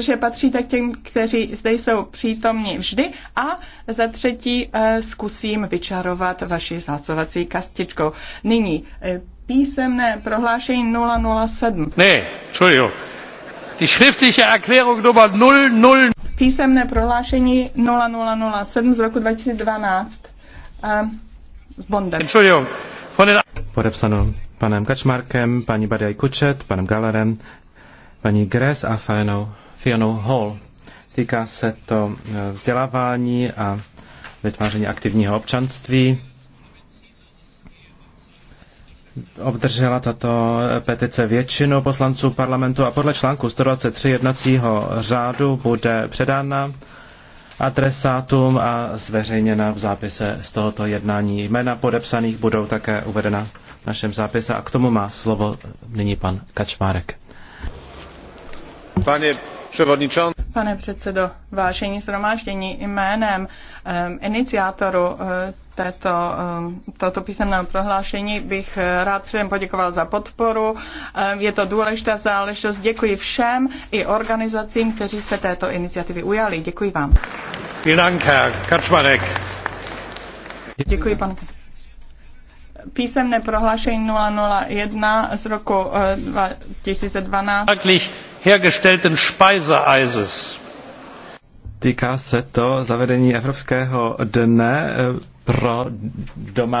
protože patříte k těm, kteří zde jsou přítomní vždy. A za třetí eh, zkusím vyčarovat vaši hlasovací kastičkou. Nyní eh, písemné prohlášení 007. Ne, jo. Die schriftliche Erklärung Nummer 00. Písemné prohlášení 0007 z roku 2012. Eh, z Bonde. Entschuldigung. Podepsano panem Kačmarkem, paní Badaj Kučet, panem Galerem, paní Gres a Fénou. Fiona Hall. Týká se to eh, vzdělávání a vytváření aktivního občanství. Obdržela tato eh, petice většinu poslanců parlamentu a podle článku 123 jednacího řádu bude předána adresátům a zveřejněna v zápise z tohoto jednání. Jména podepsaných budou také uvedena v našem zápise a k tomu má slovo nyní pan Kačmárek. Pane Pane předsedo, vážení zhromáždění, jménem um, iniciátoru uh, této, toto písemného prohlášení bych eh, rád předem poděkoval za podporu. je to důležitá záležitost. Děkuji všem i organizacím, kteří se této iniciativy ujali. Děkuji vám. Děkuji, pan písemné prohlášení 001 z roku eh, 2012 hergestellten Speiseeises. Týká se to zavedení Evropského dne eh, pro domácí